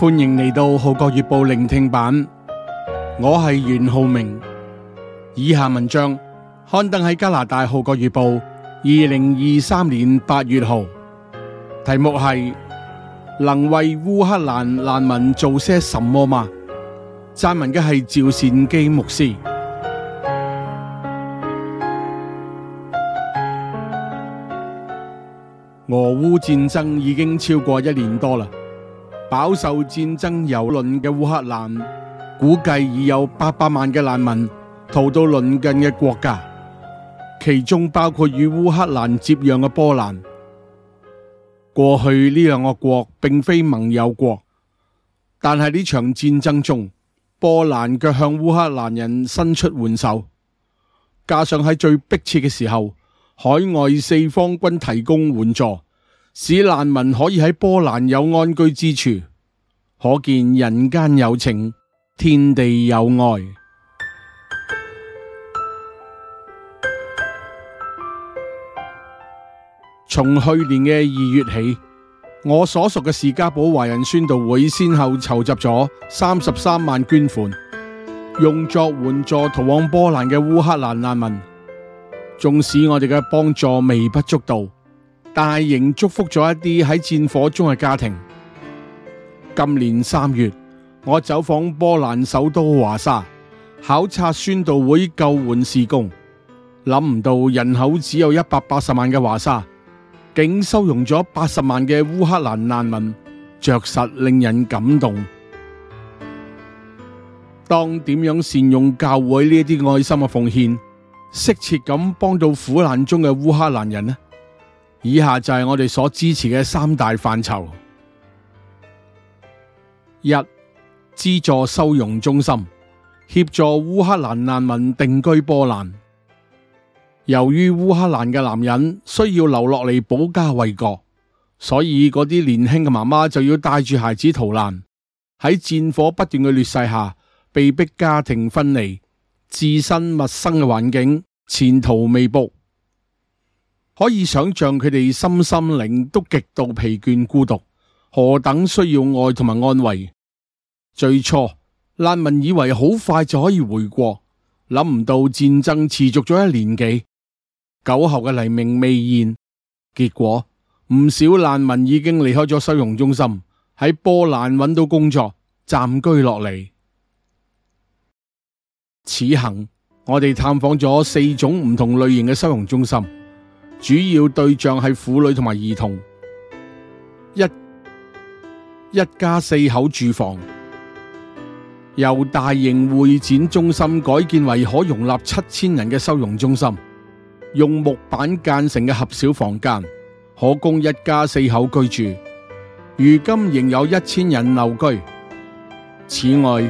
歡迎嚟到《浩國月報》聆聽版，我係袁浩明。以下文章刊登喺加拿大《浩國月報》二零二三年八月號，題目係：能為烏克蘭難民做些什麼嗎？撰文嘅係趙善基牧師。俄烏戰爭已經超過一年多啦。飽受戰爭蹂躪嘅烏克蘭，估計已有八百萬嘅難民逃到鄰近嘅國家，其中包括與烏克蘭接壤嘅波蘭。過去呢兩個國並非盟友國，但係呢場戰爭中，波蘭卻向烏克蘭人伸出援手，加上喺最逼切嘅時候，海外四方均提供援助。使難民可以喺波蘭有安居之處，可見人間有情，天地有愛。從去年嘅二月起，我所屬嘅士加堡華人宣道會先後籌集咗三十三萬捐款，用作援助逃往波蘭嘅烏克蘭難民。縱使我哋嘅幫助微不足道，大型祝福咗一啲喺戰火中嘅家庭。今年三月，我走訪波蘭首都華沙，考察宣道會救援事工。諗唔到人口只有一百八十萬嘅華沙，竟收容咗八十萬嘅烏克蘭難民，着實令人感動。當點樣善用教會呢啲愛心嘅奉獻，適切咁幫到苦難中嘅烏克蘭人呢？以下就係我哋所支持嘅三大範疇：一、資助收容中心，協助烏克蘭難民定居波蘭。由於烏克蘭嘅男人需要留落嚟保家衛國，所以嗰啲年輕嘅媽媽就要帶住孩子逃難。喺戰火不斷嘅劣勢下，被迫家庭分離，置身陌生嘅環境，前途未卜。可以想象佢哋心心靈都極度疲倦孤獨，何等需要愛同埋安慰。最初難民以為好快就可以回國，諗唔到戰爭持續咗一年幾，久後嘅黎明未現，結果唔少難民已經離開咗收容中心，喺波蘭揾到工作暫居落嚟。此行我哋探訪咗四種唔同類型嘅收容中心。主要對象係婦女同埋兒童，一一家四口住房由大型會展中心改建為可容納七千人嘅收容中心，用木板間成嘅狹小房間，可供一家四口居住。如今仍有一千人留居。此外，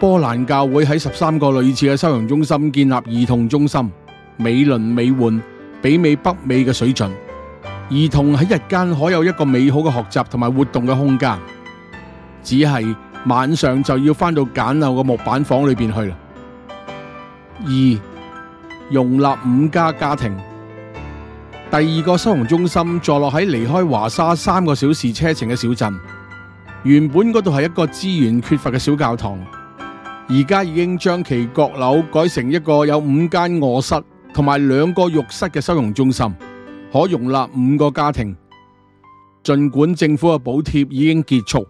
波蘭教會喺十三個類似嘅收容中心建立兒童中心，美輪美奐。媲美北美嘅水準，兒童喺日間可有一個美好嘅學習同埋活動嘅空間，只係晚上就要翻到簡陋嘅木板房裏邊去啦。二，容納五家家庭。第二個收容中心坐落喺離開華沙三個小時車程嘅小鎮，原本嗰度係一個資源缺乏嘅小教堂，而家已經將其閣樓改成一個有五間臥室同埋兩個浴室嘅收容中心，可容納五個家庭。儘管政府嘅補貼已經結束，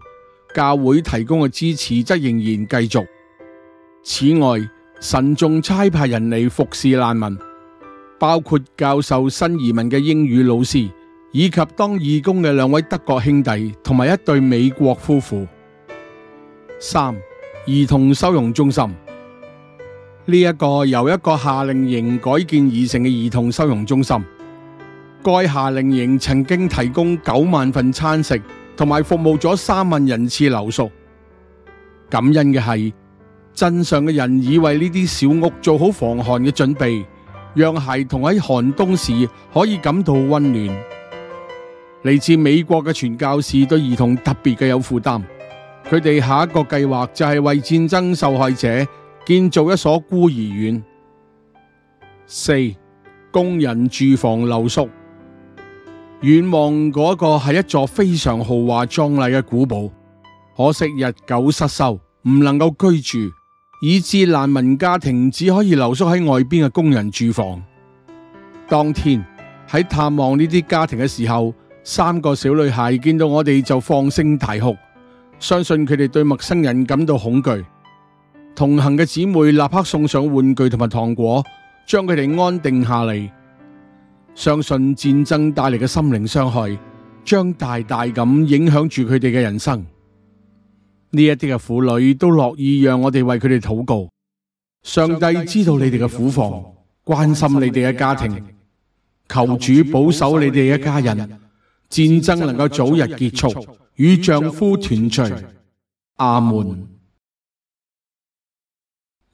教會提供嘅支持則仍然繼續。此外，神眾差派人嚟服侍難民，包括教授新移民嘅英語老師，以及當義工嘅兩位德國兄弟，同埋一對美國夫婦。三、兒童收容中心。呢一個由一個夏令營改建而成嘅兒童收容中心，該夏令營曾經提供九萬份餐食，同埋服務咗三萬人次留宿。感恩嘅係，鎮上嘅人已為呢啲小屋做好防寒嘅準備，讓孩童喺寒冬時可以感到溫暖。嚟自美國嘅傳教士對兒童特別嘅有負擔，佢哋下一個計劃就係為戰爭受害者，建造一所孤兒院。四工人住房留宿。遠望嗰個係一座非常豪華壯麗嘅古堡，可惜日久失修，唔能夠居住，以致難民家庭只可以留宿喺外邊嘅工人住房。當天喺探望呢啲家庭嘅時候，三個小女孩見到我哋就放聲大哭，相信佢哋對陌生人感到恐懼。同行嘅姊妹立刻送上玩具同埋糖果，將佢哋安定下嚟。相信戰爭帶嚟嘅心靈傷害，將大大咁影響住佢哋嘅人生。呢一啲嘅婦女都樂意讓我哋為佢哋禱告。上帝知道你哋嘅苦況，關心你哋嘅家庭，求主保守你哋嘅家人，戰爭能夠早日結束，與丈夫團聚。阿門。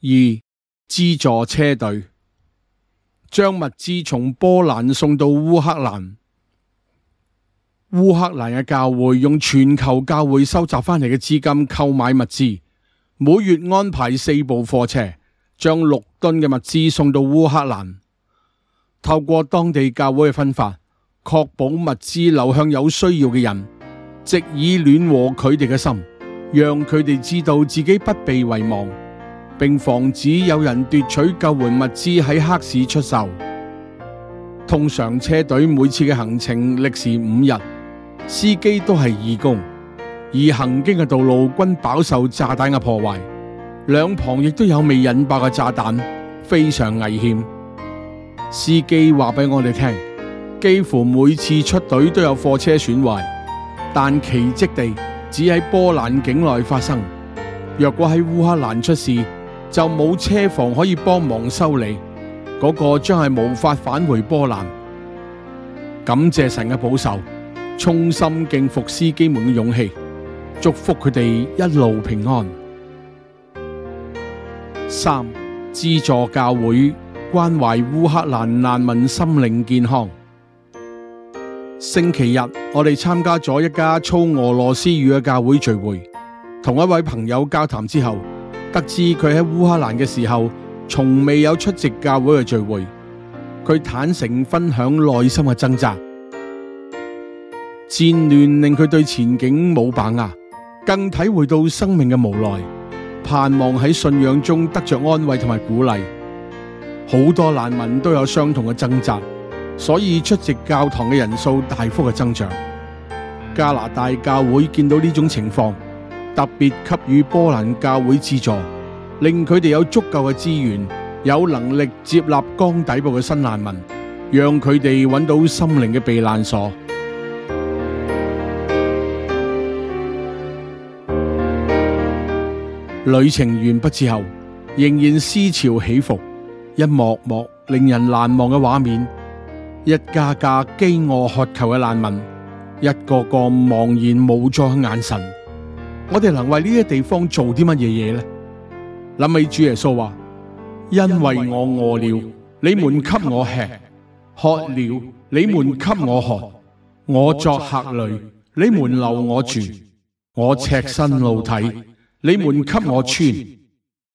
二資助車隊將物資從波蘭送到烏克蘭。烏克蘭嘅教會用全球教會收集翻嚟嘅資金購買物資，每月安排四部貨車將六噸嘅物資送到烏克蘭。透過當地教會嘅分發，確保物資流向有需要嘅人，藉以暖和佢哋嘅心，讓佢哋知道自己不被遺忘。並防止有人奪取救援物資喺黑市出售。通常車隊每次嘅行程歷時五日，司機都係義工，而行經嘅道路均飽受炸彈嘅破壞，兩旁亦都有未引爆嘅炸彈，非常危險。司機話俾我哋聽，幾乎每次出隊都有貨車損壞，但奇蹟地只喺波蘭境內發生。若果喺烏克蘭出事，就冇車房可以幫忙修理，嗰個將係無法返回波蘭。感謝神嘅保守，衷心敬服司機們嘅勇氣，祝福佢哋一路平安。三，資助教會關懷烏克蘭難民心靈健康。星期日我哋參加咗一家操俄羅斯語嘅教會聚會，同一位朋友交談之後，得知佢喺烏克蘭嘅時候，從未有出席教會嘅聚會。佢坦誠分享內心嘅掙扎，戰亂令佢對前景冇把握，更體會到生命嘅無奈，盼望喺信仰中得着安慰同埋鼓勵。好多難民都有相同嘅掙扎，所以出席教堂嘅人數大幅嘅增長。加拿大教會見到呢種情況。特別給予波蘭教會資助，令佢哋有足夠嘅資源，有能力接納江底部嘅新難民，讓佢哋揾到心靈嘅避難所。 旅程完畢之後，仍然思潮起伏，一幕幕令人難忘嘅畫面，一家家飢餓渴求嘅難民，一個個茫然無助嘅眼神。我哋能為呢啲地方做啲乜嘢嘢咧？諗起主耶穌話：因為我餓了，你們給我吃；渴了，你們給我喝；我作客旅，你們留我住；我赤身露體，你們給我穿；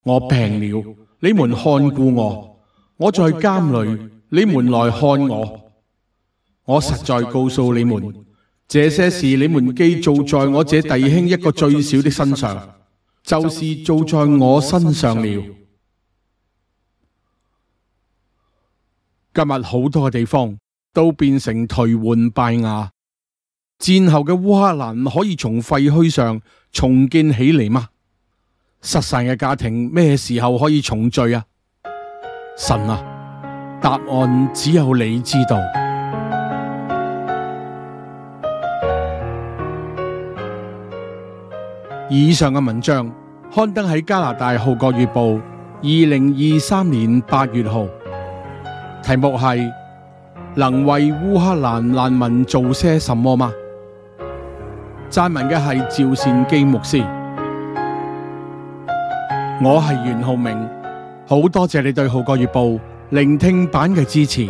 我病了，你們看顧我；我在監裏，你們來看我。我實在告訴你們。這些事你們既做在我這弟兄一個最小的身上，就是做在我身上了。今日好多嘅地方都變成頹垣敗瓦，戰後嘅烏克蘭可以從廢墟上重建起嚟嗎？失散嘅家庭咩時候可以重聚啊？神啊，答案只有你知道。以上嘅文章刊登喺加拿大《號角月報》二零二三年八月號，題目係能為烏克蘭難民做些什麼嗎？撰文嘅係趙善基牧師。我係袁浩明，好多謝你對《號角月報》聆聽版嘅支持。